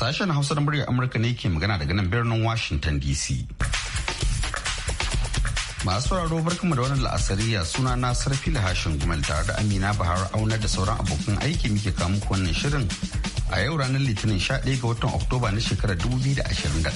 Sashen Hausa na muryar Amurka ne ke magana daga nan birnin Washington DC. Masu sauraro barkanmu da wannan la'asariya suna na sarfi hashin gumel tare da Amina Bahar Auna da sauran abokan aiki muke kawo muku wannan shirin a yau ranar Litinin 11 ga watan Oktoba na shekarar 2021.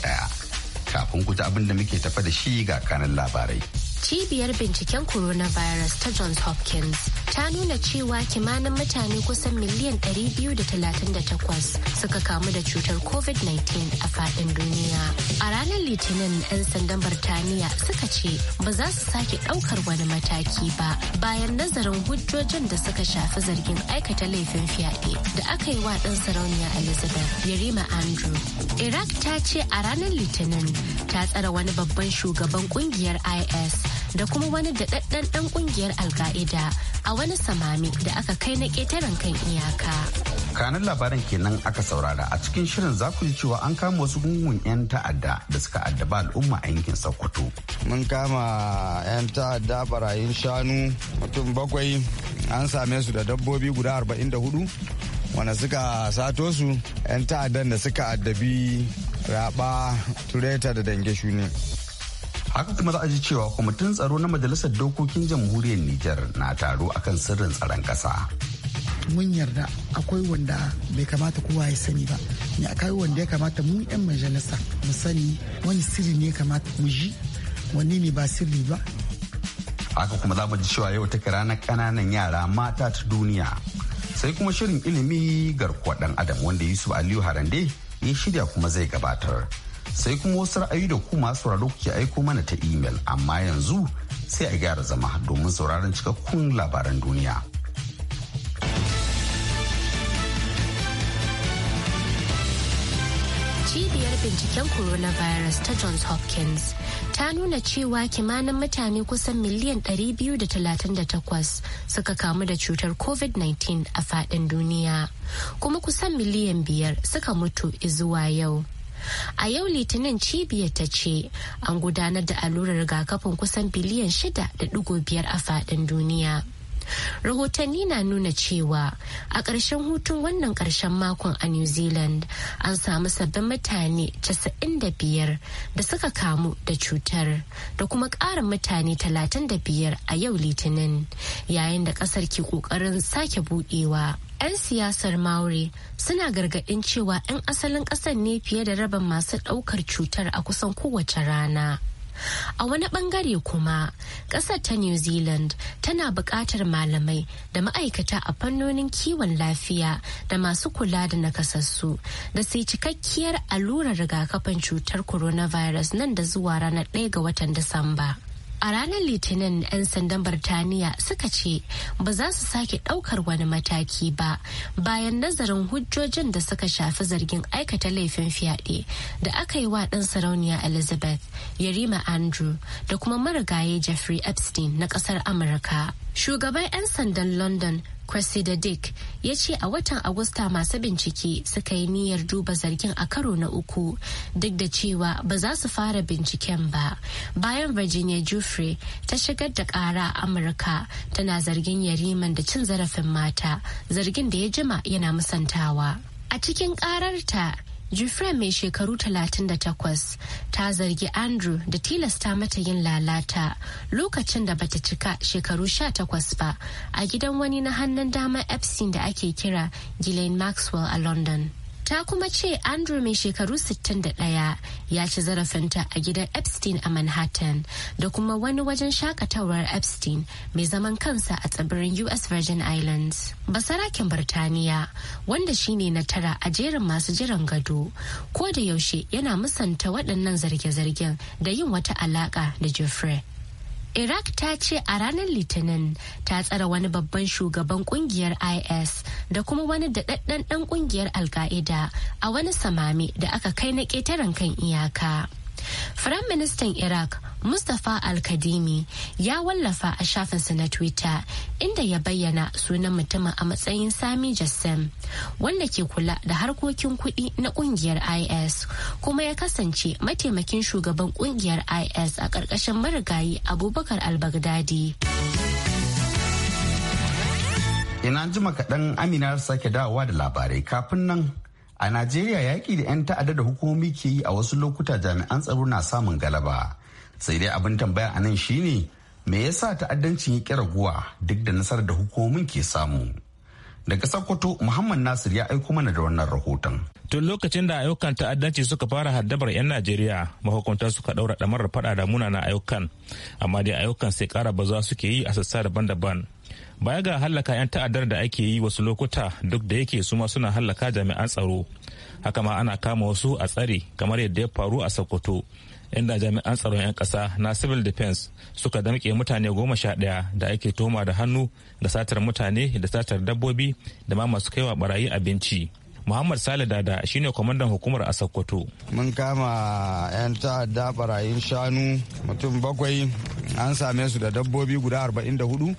kafin ku ji abin da muke tafa da shi ga kanan labarai. Cibiyar binciken coronavirus ta Johns Hopkins ta nuna cewa kimanin mutane kusan miliyan 238 suka kamu da cutar covid-19 a fadin duniya a ranar litinin 'yan sandan birtaniya suka ce ba za su sake daukar wani mataki ba bayan nazarin hujjojin da suka shafi zargin aikata laifin fyaɗe da aka yi wa ɗan sarauniya elizabeth yarima andrew iraq ta ce a ranar litinin ta tsara wani babban shugaban kungiyar is da kuma wani daɗaɗɗen ɗan kungiyar al a wani samami da aka kai na ƙetaren kan iyaka. kanan labaran kenan aka saurara a cikin shirin za ku ji cewa an kama wasu gungun 'yan ta'adda da suka addaba al'umma a yankin sokoto mun kama 'yan ta'adda barayin shanu mutum bakwai an same su da dabbobi guda arba'in da hudu wanda suka sato su 'yan ta'addan da suka addabi raba tureta da dange shuni. ne haka kuma za a ji cewa kwamitin tsaro na majalisar dokokin jamhuriyar niger na taro akan sirrin tsaron kasa. mun yarda akwai wanda bai kamata kowa ya sani ba ne akwai wanda ya kamata mu 'yan majalisa mu sani wani sirri ne kamata mu ji wani ne ba sirri ba haka kuma za mu ji cewa yau ta take ranar kananan yara mata ta duniya sai kuma shirin ilimi garkuwa dan adam wanda yusuf aliyu harande ya shirya kuma zai gabatar sai kuma wasu ra'ayi da ku masu sauraro ke aiko mana ta imel amma yanzu sai a gyara zama domin sauraron cikakkun labaran duniya. Cibiyar binciken coronavirus ta Johns Hopkins ta nuna cewa kimanin mutane kusan miliyan 238 suka kamu da cutar COVID-19 a faɗin duniya, kuma kusan miliyan biyar suka mutu izuwa yau. a yau litinin cibiyar ta ce an gudanar da allurar rigakafin kusan biliyan 6.5 a faɗin duniya rahotanni na nuna cewa a ƙarshen hutun wannan ƙarshen makon a new zealand an samu sabbin mutane 95 da suka kamu da cutar da kuma ƙarin mutane 35 a yau litinin yayin da ƙasar ke ƙoƙarin sake buɗewa. 'yan siyasar maori suna gargaɗin cewa 'yan asalin ƙasar ne fiye da rabin masu ɗaukar cutar a kusan kowace rana. A wani bangare kuma, ƙasar ta New Zealand tana buƙatar malamai da ma'aikata a fannonin kiwon lafiya da masu kula da nakasassu da sai cikakkiyar allurar rigakafin cutar coronavirus nan da zuwa ranar 1 ga watan Disamba. a ranar litinin 'yan sandan birtaniya suka ce ba za su sake ɗaukar wani mataki ba bayan nazarin hujjojin da suka shafi zargin aikata laifin fyaɗe da aka yi wa ɗan sarauniya elizabeth yarima andrew da kuma marigaye jeffrey epstein na ƙasar amurka shugaban 'yan sandan london Dick ya ce a watan Agusta masu bincike suka yi niyyar duba zargin a karo na uku duk da cewa ba za su fara binciken ba. Bayan Virginia Giuffre ta shigar da ƙara a Amurka tana zargin yariman da cin zarafin mata zargin da ya jima yana musantawa. A cikin ƙararta Jufren mai shekaru 38 ta zargi Andrew da tilasta mata yin lalata lokacin da bata cika shekaru 18 ba a gidan wani na hannun dama Epstein da ake kira Ghislaine Maxwell a London. ta kuma ce andrew mai shekaru 61 ya ci zarafinta a gidan epstein a manhattan da kuma wani wajen shakatawar epstein mai zaman kansa a tsibirin us virgin islands basarakin birtaniya wanda shine na tara a jerin masu jiran gado ko da yaushe yana musanta waɗannan zarge-zargen da yin wata alaƙa da jeffrey Iraq ta ce a ranar Litinin ta tsara wani babban shugaban kungiyar IS da kuma wani daɗaɗɗen ɗan kungiyar Al-Qaeda a wani samami da aka kai na ƙetaren kan iyaka. Firaministan Iraq Mustapha Alkadimi ya wallafa a shafinsa na Twitter inda ya bayyana sunan mutumin a matsayin Sami Jassem wanda ke kula da harkokin kuɗi na ƙungiyar IS kuma ya kasance mataimakin shugaban ƙungiyar IS a ƙarƙashin marigayi Abubakar al-Baghdadi. Ina jima kaɗan Amina sake dawowa da labarai kafin nan A Najeriya yaƙi da 'yan ta'adda da hukumomi ke yi a wasu lokuta jami'an tsaro na samun galaba sai dai abin tambaya a nan shine me yasa ta'addancin ya ƙi raguwa duk da nasarar da hukumomin ke samu daga sokoto muhammad nasir ya aiko mana da wannan rahoton tun lokacin da ayyukan ta'addanci suka fara haddabar 'yan najeriya mahukunta suka ɗaura damar faɗa da munana ayyukan amma dai ayyukan sai ƙara za suke yi a sassa daban-daban baya ga hallaka 'yan ta'addar da ake yi wasu lokuta duk da yake su ma suna hallaka jami'an tsaro haka ma ana kama wasu a tsare kamar yadda ya faru a sokoto inda jami'an tsaron 'yan kasa na civil defense suka damƙe mutane goma sha ɗaya da ake toma da hannu da satar mutane da satar dabbobi da ma masu kaiwa barayi abinci muhammad sale dada shine kwamandan hukumar a sokoto mun kama 'yan ta'adda barayin shanu mutum bakwai an same su da dabbobi guda 44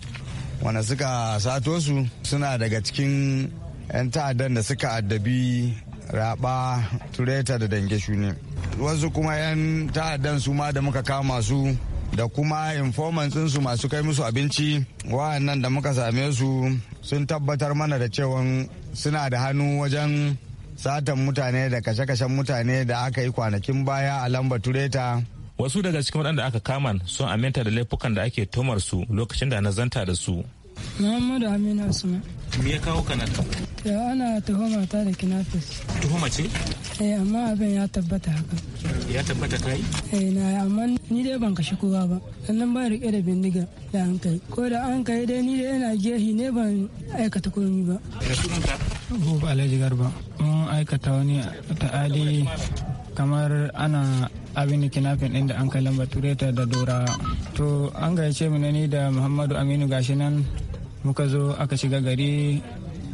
wanda suka sato su suna daga cikin 'yan ta'addan da suka addabi raba tureta da dange ne wasu kuma 'yan ta'addan su ma da muka kama su da kuma informants su masu kai musu abinci wa'annan da muka same su sun tabbatar mana da cewa suna da hannu wajen satan mutane da kashe-kashen mutane da aka yi kwanakin baya a lambar tureta wasu daga cikin waɗanda aka kama sun aminta da laifukan da ake tumar su lokacin da na zanta da su muhammadu aminu me ya kawo kanada ya ana tuhuma ta da kinafis tuhuma ce eh amma abin ya tabbata haka ya tabbata kai eh na amma ni dai ban kashi kowa ba sannan ba rike da bindiga da an kai ko da an kai dai ni dai ina gehi ne ban aikata komi ba ba Alhaji Garba, mun aikata wani ta'adi kamar ana abin da kinafin ɗin da an kai lambar turai da dora to an gayyace mu ni da muhammadu aminu gashi nan muka zo aka shiga gari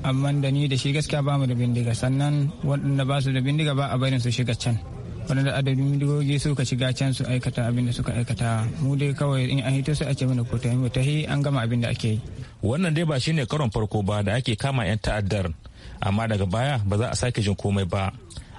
amma da ni da shi gaskiya ba mu da bindiga sannan waɗanda ba su da bindiga ba a barin su shiga can waɗanda adadin bindigogi suka shiga can su aikata abin da suka aikata mu dai kawai in an hito su a ce mana ko tahi mu yi an gama abin da ake yi wannan dai ba shine karon farko ba da ake kama 'yan ta'addar amma daga baya ba za a sake jin komai ba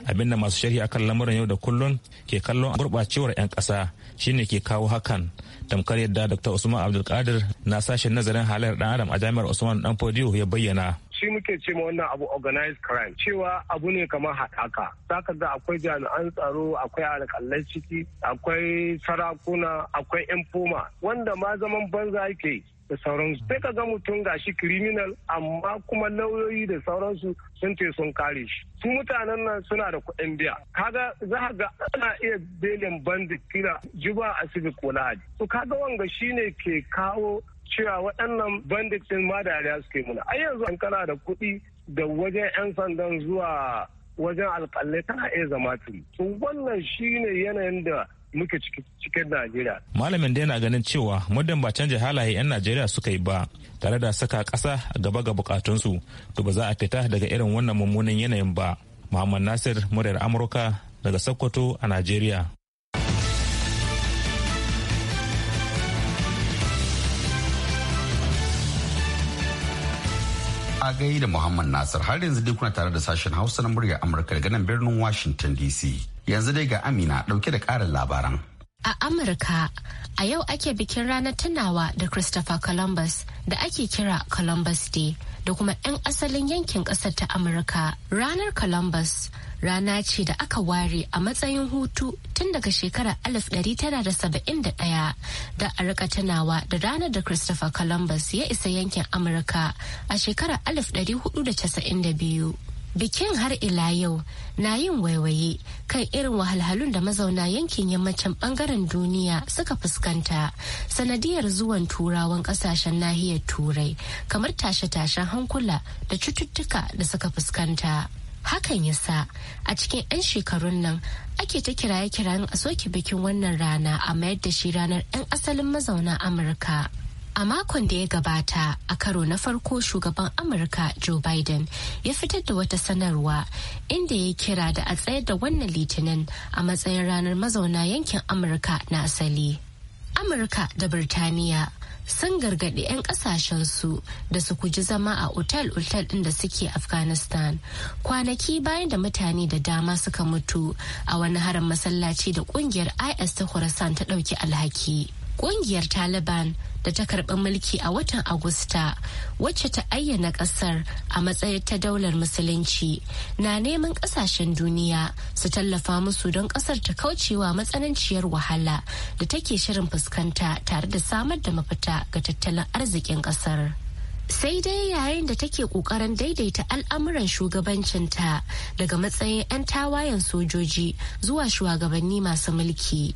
Abin da masu sharhi akan lamuran yau da kullun ke kallon gurɓacewar 'yan ƙasa shine ke kawo hakan tamkar yadda dr usman abdulkadir na sashen nazarin halayyar dan adam a jami'ar usman dan fodiyo ya bayyana shi muke ce ma wannan abu organized crime cewa abu ne kamar haɗaka zaka da akwai jami'an tsaro akwai alƙalai ciki akwai sarakuna akwai yan foma wanda ma zaman banza yake da sauransu sai ka ga mutum gashi kiriminal. amma kuma lauyoyi da sauransu sun ce sun kare shi su mutanen nan suna da kuɗin biya kaga za ga ana iya belin bandi kira juba asibiti ko lahadi to kaga wanga shine ke kawo cewa waɗannan bandit ɗin ma dariya suke muna ai yanzu an kana da kuɗi da wajen 'yan sandan zuwa wajen alƙalai tana iya zama turi. to wannan shine yanayin da muke cikin Najeriya. Malamin dai na ganin cewa muddin ba canja halaye 'yan Najeriya suka yi ba tare da saka ƙasa gaba ga bukatunsu to ba za a fita daga irin wannan mummunan yanayin ba. Muhammad Nasir muryar Amurka daga Sokoto a Najeriya. a gai da Muhammad Nasir har yanzu dai kuna tare da sashen Hausa na murya Amurka daga nan birnin Washington DC. Yanzu dai ga Amina dauke da karin labaran. A Amurka, a yau ake bikin ranar tunawa da Christopher Columbus da ake kira Columbus Day da kuma 'yan asalin yankin ƙasar ta Amurka. Ranar Columbus rana ce da aka ware a matsayin hutu tun daga shekarar 1971 da a rika tunawa da ranar da Christopher Columbus ya isa yankin Amurka a shekarar biyu. Bikin har ila yau na yin waiwaye kan irin wahalhalun da mazauna yankin yammacin bangaren duniya suka fuskanta sanadiyar zuwan turawan kasashen nahiyar turai kamar tashe-tashen hankula da cututtuka da suka fuskanta. hakan ya sa a cikin 'yan shekarun nan ake ta kiraye-kirayen a soke bikin wannan rana a mayar da shi ranar 'yan asalin mazauna amurka a makon da ya gabata a karo na farko shugaban amurka joe biden ya fitar da wata sanarwa inda ya kira da a tsayar da wannan litinin a matsayin ranar mazauna yankin amurka na asali amurka da birtaniya sun gargaɗi 'yan ƙasashensu da su kuji zama a otal-otal ɗin da suke afghanistan kwanaki bayan da mutane da dama suka mutu a wani harin masallaci da ƙungiyar is ta khorasan ta ɗauki alhaki kungiyar taliban da ta karɓi mulki a watan agusta wacce ta ayyana ƙasar a matsayin ta daular musulunci na neman ƙasashen duniya su tallafa musu don ƙasar ta kaucewa matsananciyar wahala da take shirin fuskanta tare da samar da mafita ga tattalin arzikin ƙasar. sai dai yayin da take kokarin daidaita al'amuran shugabancinta daga matsayin 'yan tawayen sojoji zuwa shugabanni masu mulki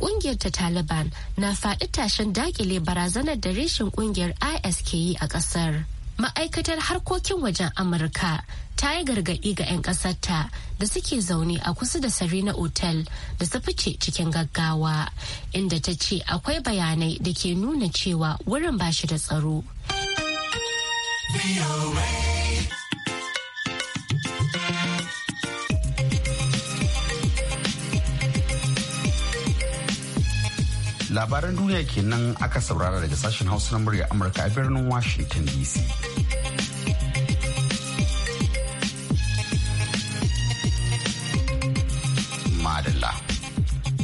kungiyar ta taliban na faɗi tashin dakile barazanar da reshen kungiyar is ke yi a ƙasar ma'aikatar harkokin wajen amurka ta yi gargaɗi ga 'yan ƙasarta da suke zaune a kusa da na otal da su fice cikin gaggawa inda ta ce akwai bayanai da ke nuna cewa wurin ba shi da tsaro. Labaran duniya kenan aka saurara daga sashen Hausa na murya Amurka a birnin Washington DC.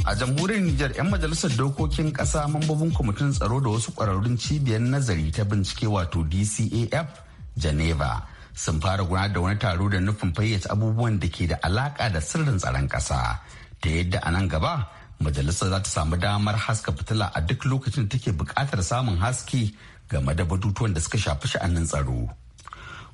A jamhuriyar Nijar 'yan majalisar dokokin ƙasa mambobin kwamitin tsaro da wasu ƙwararrun cibiyar nazari ta bincike wato DCAF Geneva sun fara gudanar da wani taro da nufin fayyace abubuwan da ke da alaƙa da sirrin tsaron ƙasa ta yadda a nan gaba majalisar za ta samu damar haska fitila a duk lokacin da take buƙatar samun haske game da batutuwan da suka shafi sha'anin tsaro.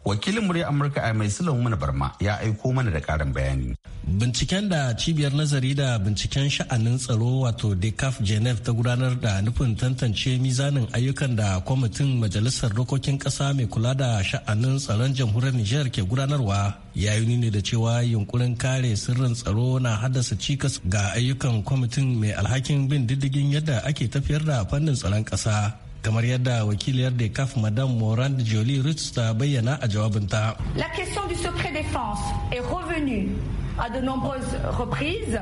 wakilin murya amurka a mai mana barma ya aiko mana da karin bayani binciken da cibiyar nazari da binciken sha'anin tsaro wato decaf geneve ta gudanar da nufin tantance mizanin ayyukan da kwamitin majalisar dokokin kasa mai kula da sha'anin tsaron jamhuriyar niger ke gudanarwa ya yi nuni da cewa yunkurin kare sirrin tsaro na haddasa cikas ga ayyukan kwamitin mai alhakin bin diddigin yadda ake tafiyar da fannin tsaron kasa kamar yadda wakiliyar da kaf madam moran jolie ruth ta bayyana a jawabinta la question du secret défense est revenue à de nombreuses reprises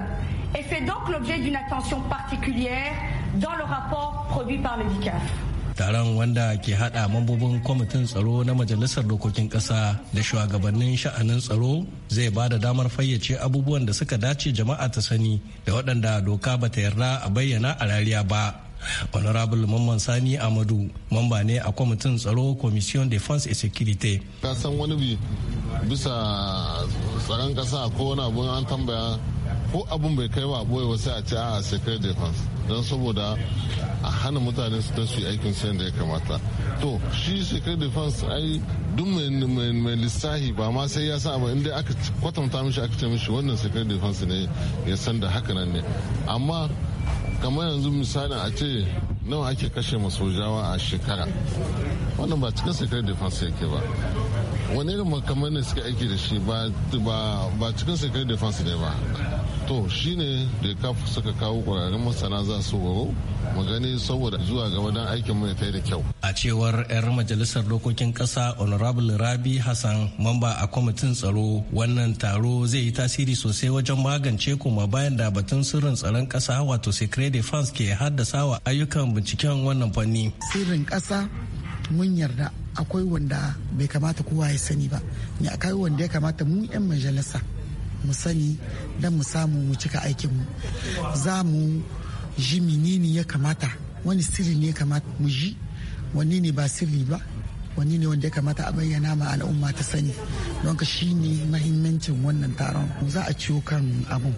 et fait donc l'objet d'une attention particulière dans le rapport produit par le DICAF. taron wanda ke hada mambobin kwamitin tsaro na majalisar dokokin kasa da shugabannin sha'anin tsaro zai ba da damar fayyace abubuwan da suka dace jama'a ta sani da waɗanda doka ba ta yarda a bayyana a rariya ba honorable mamman sani amadu mamba ne a kwamitin tsaro commission defense et security ka san wani bi bisa tsaron kasa ko wani abu an tambaya ko abun bai kai wa boye wasu a ce a secret defense don saboda a hana mutane su su aikin sayan da ya kamata to shi secret defense ai duk mai lissahi ba ma sai ya sa ba inda aka kwatanta mishi aka ce mishi wannan secret defense ne ya san da haka nan ne amma kamar yanzu misali a ce nawa ake kashe masojawa a shekara wannan ba cikin secret defense yake ba wani irin makamai ne suka aiki da shi ba cikin secret defense ne ba to shine da ya suka kawo ƙwararrun masana za su waro mu gani saboda zuwa gaba don aikin mai ta da kyau a cewar 'yar majalisar dokokin ƙasa honorable rabi hassan mamba a kwamitin tsaro wannan taro zai yi tasiri sosai wajen magance kuma bayan da batun sirrin tsaron kasa wato secret defense ke haddasa wa ayyukan binciken wannan fanni sirrin kasa mun yarda akwai wanda bai kamata kowa ya sani ba ne akwai wanda ya kamata mu 'yan majalisa mu sani don mu samu mu cika aikinmu za mu ji menene ya kamata wani sirri ne ya kamata mu ji wani ne ba sirri ba wani ne wanda ya kamata a bayyana ma al'umma ta sani don ka shi ne mahimmancin wannan taron za a ciwo kan abu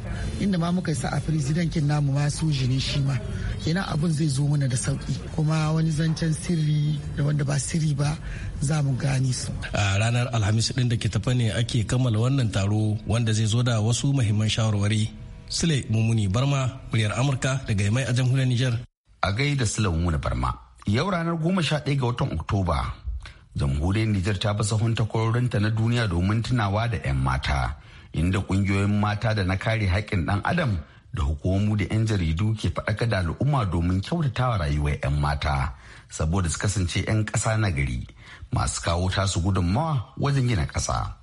inda ma muka sa a firizidankin namu ma soji ne shi ma kenan abun zai zo mana da sauki kuma wani zancen sirri da wanda ba sirri ba za mu gane su a ranar alhamis din da ke tafa ne ake kammala wannan taro wanda zai zo da wasu mahimman shawarwari sule mummuni barma muryar amurka daga mai a jamhuriyar niger a gaida sule mummuni barma yau ranar goma sha ɗaya ga watan oktoba jamhuriyar Nijar ta fi sahun takwarorinta na duniya domin tunawa da 'yan mata inda kungiyoyin mata da na kare haƙƙin ɗan adam da hukumomi da 'yan jaridu ke faɗaka da al'umma domin kyautatawa rayuwar 'yan mata saboda su kasance 'yan ƙasa na gari masu kawo tasu gudunmawa wajen gina ƙasa.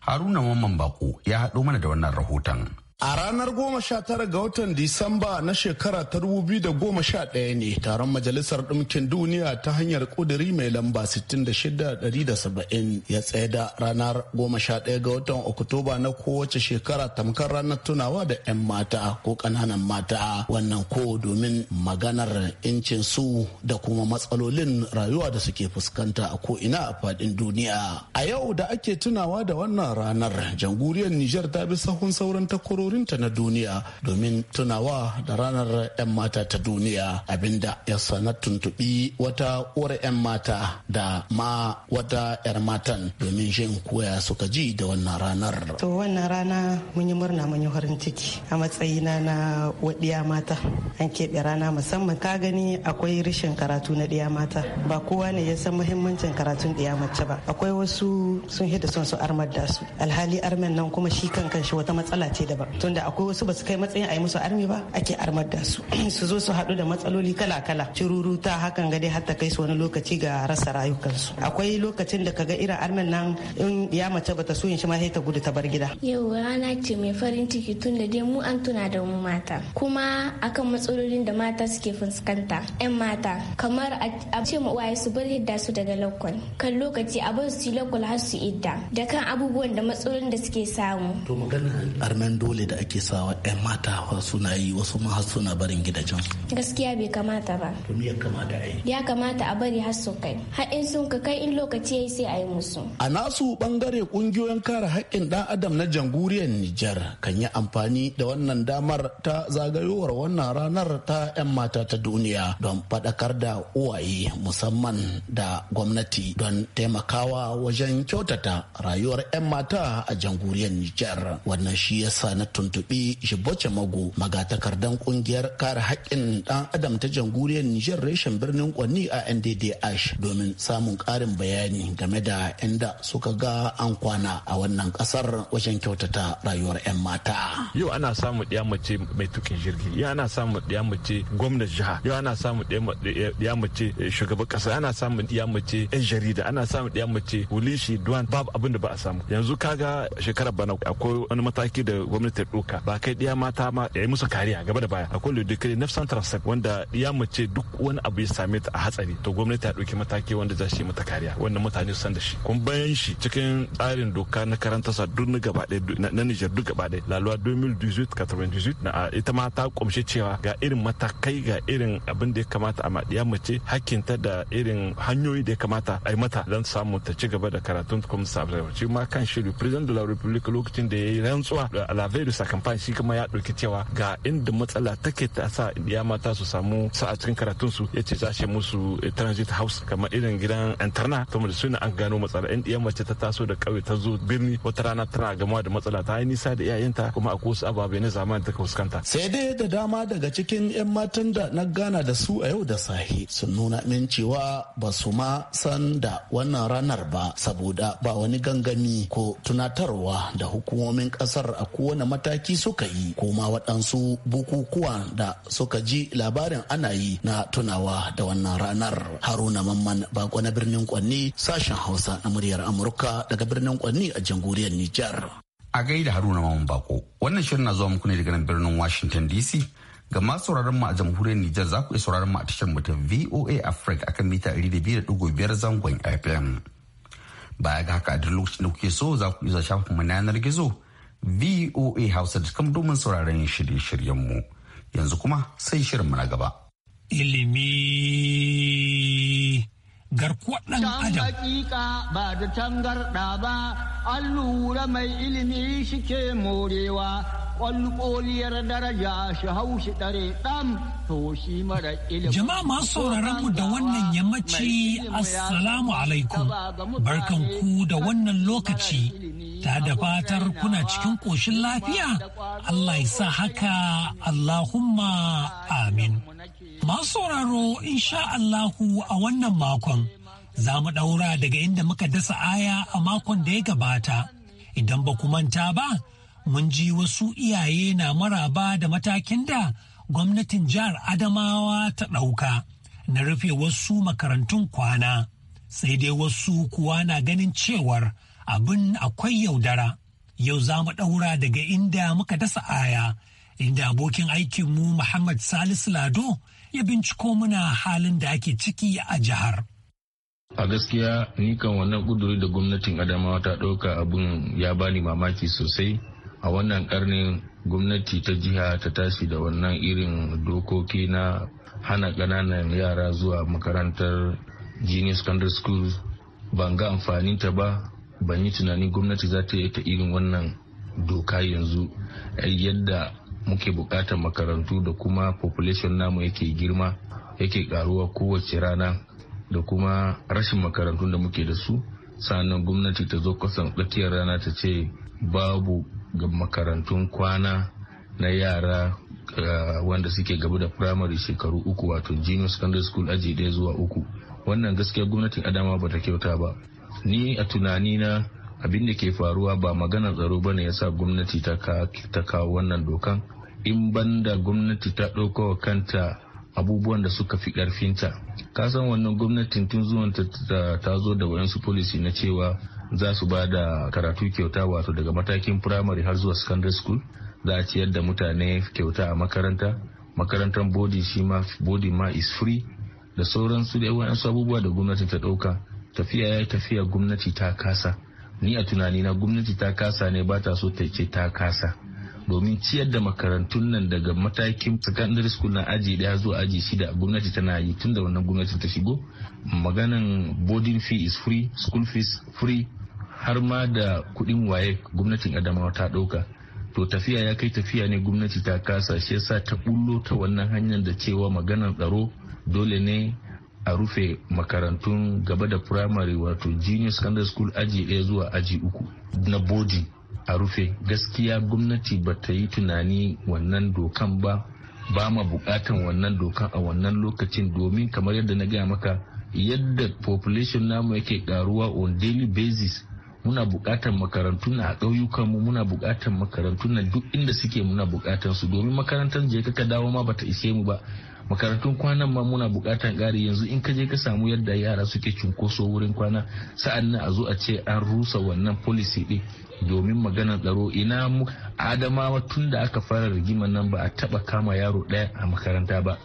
Haruna Mamman Bako ya haɗo mana da wannan rahoton. A ranar goma 19 ga watan Disamba na shekara ta 2011 ne taron Majalisar Dumkin Duniya ta hanyar ƙuduri mai lamba 66,170 ya da ranar 11 ga watan Oktoba na kowace shekara tamkar ranar tunawa da 'yan mata ko ƙananan mata wannan ko domin maganar incin su da kuma matsalolin rayuwa da suke fuskanta a ko'ina a faɗin duniya. A yau da ake tunawa da wannan ranar, jamhuriyar Nijar ta bi sahun sauran takwaro ta na duniya domin tunawa da ranar 'yan mata ta duniya abinda ya sana tuntuɓi wata uwar 'yan mata da ma wata 'yar matan domin shin koya suka ji da wannan ranar. To wannan rana mun yi murna mun yi farin ciki a matsayina na waɗiya mata an keɓe rana musamman ka gani akwai rashin karatu na ɗiya mata ba kowa ne ya san muhimmancin karatun ɗiya mace ba akwai wasu sun hida son su armar da su alhali armen nan kuma shi kan kanshi wata matsala ce daban tunda akwai wasu basu kai matsayin a yi musu armi ba ake armar da su su zo su haɗu da matsaloli kala-kala cururuta hakan ga dai ta kai su wani lokaci ga rasa rayukansu akwai lokacin da kaga irin armin nan in ya mace bata so yin shi ma sai ta gudu ta bar gida yau rana ce mai farin ciki da dai mu an tuna da mu mata kuma akan matsalolin da mata suke fuskanta yan mata kamar a ce ma uwaye su bar hidda su daga lokal kan lokaci a bar su lokal har su idda da kan abubuwan da matsalolin da suke samu to magana armen dole da ake sawa 'yan mata suna yi wasu ma har suna barin gidajen gaskiya bai kamata ba to me ya kamata a ya kamata a bari har su kai har in sun ka kai in lokaci yayi sai a yi musu a nasu bangare kungiyoyin kare haƙƙin dan adam na jamhuriyar Nijar kan yi amfani da wannan damar ta zagayowar wannan ranar ta 'yan mata ta duniya don faɗakar da uwaye musamman da gwamnati don taimakawa wajen kyautata rayuwar 'yan mata a jamhuriyar Nijar wannan shi yasa na tuntubi Shiboce Mago magatakardan kungiyar kare haƙƙin ɗan adam ta jamhuriyar Nijar reshen birnin Kwanni a NDDH domin samun ƙarin bayani game da inda suka ga an kwana a wannan ƙasar wajen kyautata rayuwar 'yan mata. Yau ana samun ɗiya mace mai tukin jirgi, yau ana samun ɗiya mace gwamnati jiha, yau ana samun ɗiya mace eh, shugaban ƙasa, ana samun ɗiya mace 'yan jarida, ana samun ɗiya mace wulishi duwan babu abin da ba a samu. Yanzu kaga shekarar bana akwai wani mataki da gwamnati ta doka ba kai ɗiya mata ma ya yi musu kariya gaba da baya akwai na san transect wanda ya mace duk wani abu ya same ta a hatsari to gwamnati ya ɗauki mataki wanda za shi mata kariya wanda mutane su san da shi kun bayan shi cikin tsarin doka na karanta sa duk na gaba ɗaya na Niger duk gaba ɗaya laluwa 2018 na ita ma ta kumshi cewa ga irin matakai ga irin abin da ya kamata a ɗiya mace hakinta da irin hanyoyi da ya kamata a yi mata don samu ta ci gaba da karatun kuma sabon shi ma kan shi president de la republique lokacin da ya yi rantsuwa a la da kamfan shi kuma ya ɗauki cewa ga inda matsala take ta sa ya mata su samu sa a cikin karatun su ya ce za shi musu eh, transit house kamar irin gidan interna to da suna an gano matsala in ɗiyan mace ta taso da kauye ta zo birni wata rana tana gama da matsala ta yi nisa da iyayenta kuma akwai wasu ababe na zamani ta fuskanta. sai dai da dama daga cikin 'yan matan da na gana da su a yau da sahi sun nuna min cewa ba su ma san da wannan ranar ba saboda ba wani gangami ko tunatarwa da hukumomin kasar a kowane mataki suka yi kuma waɗansu bukukuwan da suka ji labarin ana yi na tunawa da wannan ranar haruna mamman bako na birnin kwanni sashen hausa na muryar amurka daga birnin kwanni a jamhuriyar nijar a gaida haruna mamman bako wannan shirin na zuwa muku ne daga birnin washington dc ga masu sauraron mu a jamhuriyar Nijar za ku iya sauraron mu a tashar mu ta VOA Africa akan mita 200.5 zangon FM. Baya ga haka a duk lokacin da kuke so za ku iya shafin mu na yanar gizo voa hausa.com domin sauraron shirye-shiryenmu yanzu kuma sai shirinmu na gaba. Ilimi garkuwar ɗan adam. hakika ba da tangarɗa ba, an lura mai ilimi shike morewa, ƙwalƙoliyar daraja shi haushi ɗare ɗan to shi mara ilimi. Jama'a masu sauraron mu da wannan yammaci, Assalamu alaikum, barkan ku da wannan lokaci. ta da fatar kuna cikin ƙoshin lafiya Allah ya sa haka Allahumma amin. Masu sauraro insha Allahu a wannan makon za mu ɗaura daga inda muka dasa aya a makon da ya gabata. Idan ba ku manta ba, mun ji wasu iyaye na maraba da matakin da gwamnatin jihar Adamawa ta ɗauka na rufe wasu makarantun kwana. Sai dai wasu kuwa na ganin cewar. abin akwai yaudara yau za mu ɗaura daga inda muka dasa aya inda abokin aikinmu Muhammad Salisu Lado ya binciko muna halin da ake ciki a jihar. a gaskiya ni kan wannan ƙuduri da gwamnatin adamawa ta ɗauka abin ya bani mamaki sosai a wannan ƙarnin gwamnati ta jiha ta tashi da wannan irin dokoki na hana ƙananan yara zuwa makarantar junior secondary school ban ga amfanin ta ba ban yi tunanin gwamnati za ta yi ta irin wannan doka yanzu eh, yadda muke bukatar makarantu da kuma population namu yake girma yake karuwa kowace rana da kuma rashin makarantu da muke da su sannan gwamnati ta zo kusan tsakiyar rana ta ce babu ga makarantun kwana na yara eh, wanda suke gaba da primary shekaru uku wato junior secondary school aji ɗaya zuwa uku wannan gaskiya gwamnatin adama ba ta kyauta ba ni a tunani na abin da ke faruwa ba magana tsaro ba ne yasa gwamnati ta kawo wannan dokan in ban da gwamnati ta ɗauka kanta abubuwan da suka fi ƙarfinta kasan wannan gwamnatin tun zuwan ta zo da wayansu policy na cewa za su ba da karatu kyauta wato daga matakin primary har zuwa secondary school za a ciyar da mutane kyauta a makaranta makarantar body shi ma body ma is free da sauransu da wayansu abubuwa da gwamnatin ta ɗauka tafiya ya tafiya gwamnati ta kasa ni a tunani na gwamnati ta kasa ne ba ta so ta ce ta kasa domin ciyar da makarantun nan daga matakin secondary school na aji daya zuwa aji shida gwamnati tana yi tun da wannan gwamnati ta shigo maganan boarding fee is free school fees free har ma da kudin waye gwamnatin adamawa ta dauka to tafiya ya kai tafiya ne gwamnati ta kasa shi yasa ta bullo ta wannan hanyar da cewa maganar tsaro dole ne a rufe makarantun gaba da primary wato junior secondary school aji ɗaya zuwa aji uku na boarding a rufe gaskiya gwamnati ba ta yi tunani wannan dokan ba ba ma bukatan wannan dokan a wannan lokacin domin kamar yadda na gaya maka yadda population namu yake karuwa on daily basis muna bukatar makarantu na a ƙauyukan mu muna bukatar makarantu na duk inda suke muna bukatar su domin makarantar je ka dawo ma bata ishe mu ba makarantun kwanan ma muna bukatar ƙari yanzu in ka je ka samu yadda yara suke cunkoso wurin kwana sa'an nan a zo a ce an rusa wannan policy ɗin domin maganar tsaro ina mu adamawa tun da aka fara rigimar nan ba a taba kama yaro ɗaya a makaranta ba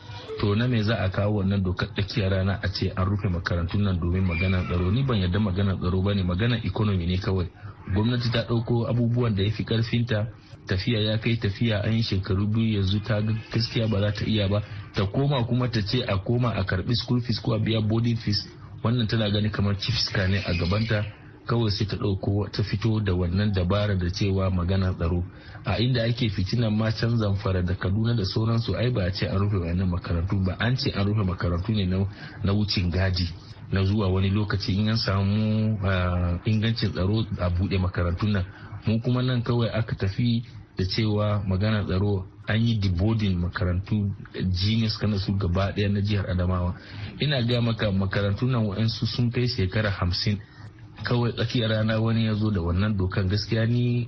to na me za a kawo wannan dokar tsakiyar rana a ce an rufe makarantun nan domin maganar tsaro ni ban yarda maganar tsaro ba ne maganar economy ne kawai gwamnati ta ɗauko abubuwan da ya fi karfinta tafiya ya kai tafiya an yi shekaru biyu yanzu ta gaskiya ba za ta iya ba ta koma kuma ta ce a koma a karɓi school fees ko a biya boarding fees wannan tana gani kamar chief ne a gabanta kawai sai ta ɗauko ta fito da wannan dabarar da cewa magana tsaro a inda ake fitinan ma can zamfara da kaduna da sauransu ai ba a ce an rufe wannan makarantu ba an ce an rufe makarantu ne na wucin gadi na zuwa wani lokaci in an samu eh, ingancin tsaro a buɗe makarantu nan mu kuma nan kawai aka tafi da cewa magana tsaro an yi dibodin makarantu genius kana su gaba ɗaya na jihar adamawa ina gaya maka makarantu nan wa'ansu sun kai shekara hamsin kawai tsakiyar rana wani ya zo da wannan dokan gaskiya ni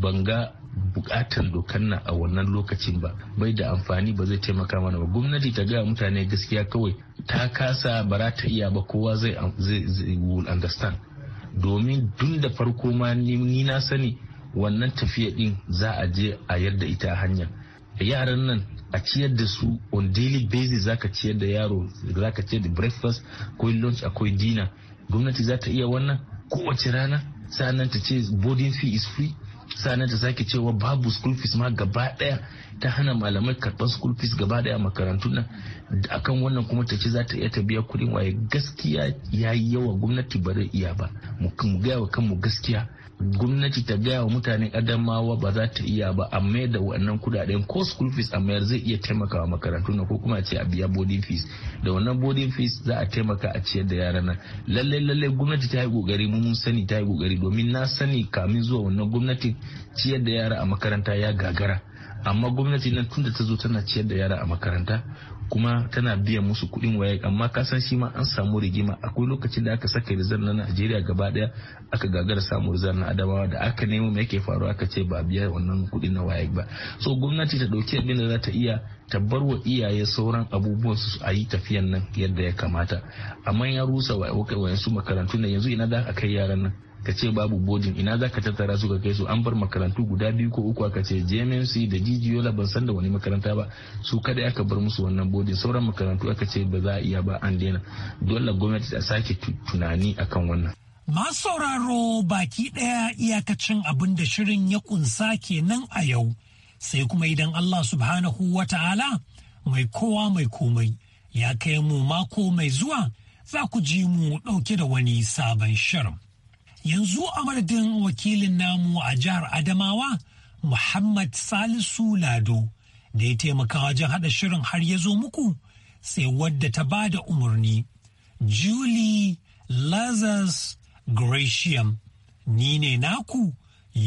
ban ga bukatan dokan na a wannan lokacin ba bai da amfani ba zai taimaka mana ba gwamnati ta ga mutane gaskiya kawai ta kasa bara ta iya ba kowa zai will understand domin dun da farko ma ni na sani wannan tafiya din za a je a yadda ita hanya yaran nan a ciyar da su on daily basis zaka ciyar da yaro zaka ciyar da breakfast akwai lunch akwai dinner gwamnati za ta iya wannan kowace rana sa'annan ta ce boarding fee is free sa'annan ta sake cewa babu school fees ma gaba daya ta hana malamai karban school fees gaba daya makarantu nan akan wannan kuma ta ce za ta iya ta biya kuɗin waye gaskiya ya yi yawa gwamnati bare iya ba mu gaya wa kanmu gaskiya gwamnati ta gaya wa mutane adamawa ba za ta iya ba a da wannan kudaden ko school fees a mayar zai iya taimakawa makarantu na ko kuma ce a biya boarding fees da wannan boarding fees za a taimaka a ciyar da yara nan lalle lalle gwamnati ta yi kokari mu mun sani ta yi kokari domin na sani kamin zuwa wannan gwamnati ciyar da yara a makaranta ya gagara amma gwamnati nan tunda ta zo tana ciyar da yara a makaranta kuma tana biyan musu kuɗin waye amma ka san shi ma an samu rigima akwai lokacin da aka saka rizar na Najeriya gaba daya aka gagara samu rizar na Adamawa da aka nemo me yake faruwa aka ce ba biya wannan kuɗin na waye ba so gwamnati ta ɗauki abin da za ta iya ta bar wa iyaye sauran abubuwan su a yi tafiyan nan yadda ya kamata amma ya rusa wa wayansu makarantu ne yanzu ina da aka kai yaran nan ka ce babu bodin ina za ka tattara su ka kai su an bar makarantu guda biyu ko uku aka ce jmc da jijiyola ban san da wani makaranta ba su kada aka bar musu wannan bodin sauran makarantu aka ce ba za a iya ba an daina dole gwamnati a sake tunani akan wannan Masu sauraro baki daya iyakacin abin da shirin ya kunsa kenan a yau, sai kuma idan Allah subhanahu wa ta'ala mai kowa mai komai ya kai mu mako mai zuwa za ku ji mu ɗauke da wani sabon shirin. yanzu a madadin wakilin namu a jihar adamawa muhammad salisu lado da ya taimaka wajen haɗa shirin har ya zo muku sai wadda ta ba da umarni julie lazarus gratium ni ne naku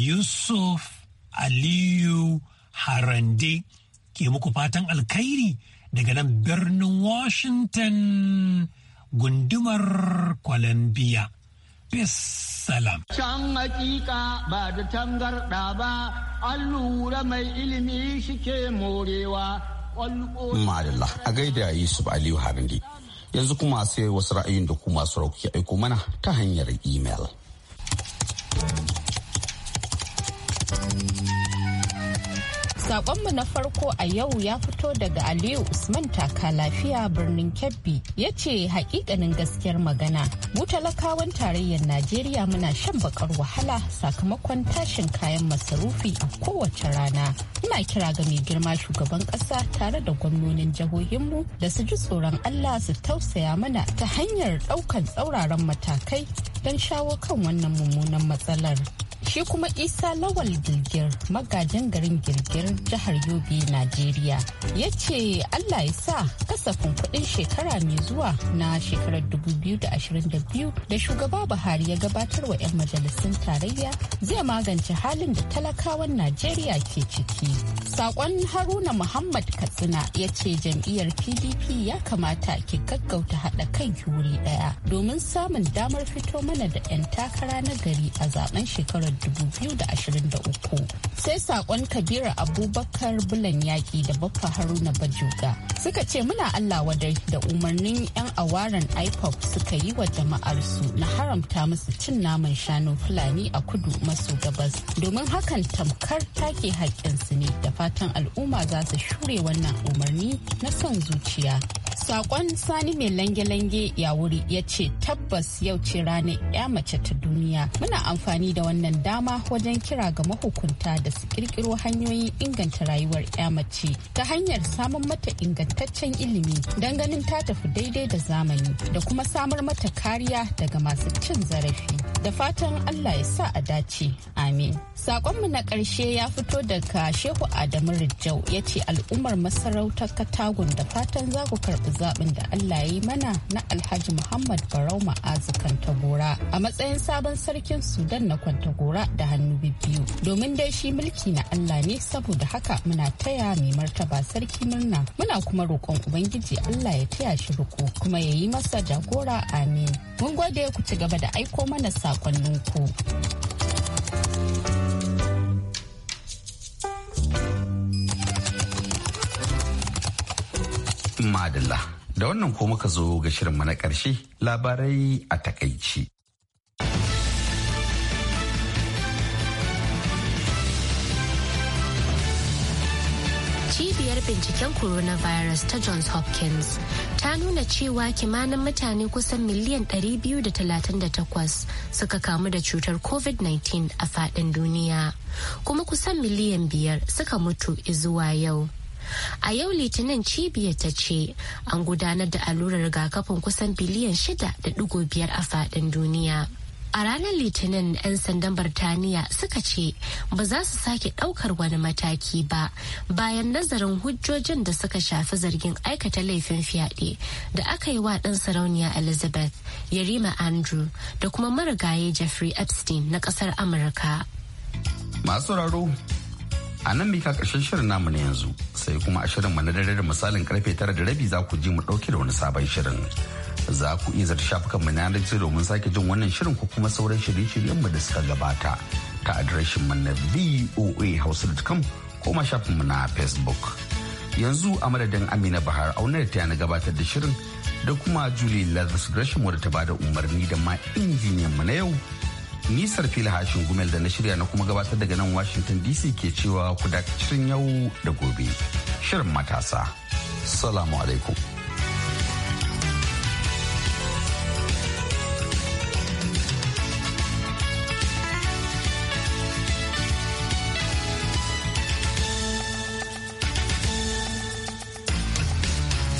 yusuf aliyu harande ke muku fatan alkhairi daga nan birnin washington gundumar columbia Peace. salam. Can hakika ba da tangarɗa ba, an lura mai ilimi shike morewa. Ma'adallah, a gaida Yusuf Aliyu Harande. Yanzu kuma sai wasu ra'ayin da ku masu rauki aiko mana ta hanyar imel. Sakonmu na farko a yau ya fito daga Aliyu Usman taka lafiya birnin Kebbi ya ce hakikanin gaskiyar magana mu talakawan tarayyar Najeriya muna shan bakar wahala sakamakon tashin kayan masarufi a kowace rana. Ina kira ga mai girma shugaban kasa tare da gwamnonin jihohinmu da su ji tsoron Allah su tausaya mana ta hanyar daukan tsauraran matakai don shawo kan wannan mummunan matsalar. Shi kuma Isa Lawal Girgir magajin garin Girgir jihar Yobe, Najeriya ya ce Allah ya sa kasafin kuɗin shekara mai zuwa na shekarar 2022 da shugaba Buhari ya gabatar wa 'yan majalisun tarayya zai magance halin da talakawan Najeriya ke ciki. Sakon Haruna Muhammad Katsina ya ce jam'iyyar PDP ya kamata ki gaggauta haɗa kai wuri ɗaya domin samun damar fito mana da 'yan takara na gari a zaben shekarar 2023 sai sakon kabira abubakar bulan yaƙi da bafa haruna bajuga suka ce muna allah wadai da umarnin 'yan awaren ipop suka yi wa jama'ar su na haramta musu cin naman shanu fulani a kudu maso gabas domin hakan tamkar take haƙƙinsu ne da fatan al'umma za su shure wannan umarni na son zuciya Sakon Sani mai lange-lange ya wuri ya ce tabbas yau ce ranar ya mace ta duniya. Muna amfani da wannan dama wajen kira ga mahukunta da su kirkiro hanyoyin inganta rayuwar ya mace ta hanyar samun mata ingantaccen ilimi don ganin ta tafi daidai da zamani da kuma samar mata kariya daga masu cin zarafi. Da fatan Allah ya sa a dace. Amin. Sakonmu na ƙarshe ya fito daga Shehu Adamu Rijau ya ce al'ummar masarautar Katagun da fatan za ku karɓi zaɓin da Allah ya yi mana na Alhaji Muhammad Barau Ma'azukan Tagora a matsayin sabon sarkin Sudan na Kwantagora da hannu biyu domin dai shi mulki na Allah ne saboda haka muna taya mai martaba sarki murna muna kuma roƙon Ubangiji Allah ya taya shi ruku kuma ya yi masa jagora amin. Mun gode ku ci gaba da aiko mana saƙonninku. Madalla. Da wannan ko muka zo ga shirinmu na ƙarshe labarai a takaici. Cibiyar binciken coronavirus ta Johns Hopkins ta nuna cewa kimanin mutane kusan miliyan 238 suka kamu da cutar COVID-19 a fadin duniya, kuma kusan miliyan biyar suka mutu zuwa yau. a yau litinin cibiyar ta ce an gudanar da allurar rigakafin kusan biliyan shida da digo biyar a faɗin duniya a ranar litinin 'yan sandan birtaniya suka ce ba za su sake ɗaukar wani mataki ba bayan nazarin hujjojin da suka shafi zargin aikata laifin fyaɗe da aka yi wa ɗan sarauniya elizabeth yarima andrew da kuma marigaye jeffrey epstein na ƙasar amurka masu raro a nan mika ƙarshen shirin namu ne yanzu sai kuma a shirin na dare da misalin karfe tara da rabi za ku ji mu ɗauke da wani sabon shirin za ku iya zata shafukan mu na yanar gizo domin sake jin wannan shirin ko kuma sauran shirye-shiryen mu da suka gabata ta adireshin mu na voahouse.com ko ma shafin mu na facebook yanzu a madadin amina bahar auna da ta yana gabatar da shirin da kuma julie lazarus gresham wadda ta bada umarni da ma injiniyan mu na yau Nisar fili hashin gumel da na shirya na kuma gabatar daga nan Washington DC ke cewa ku dakacin yau da gobe. Shirin matasa. Salamu alaikum.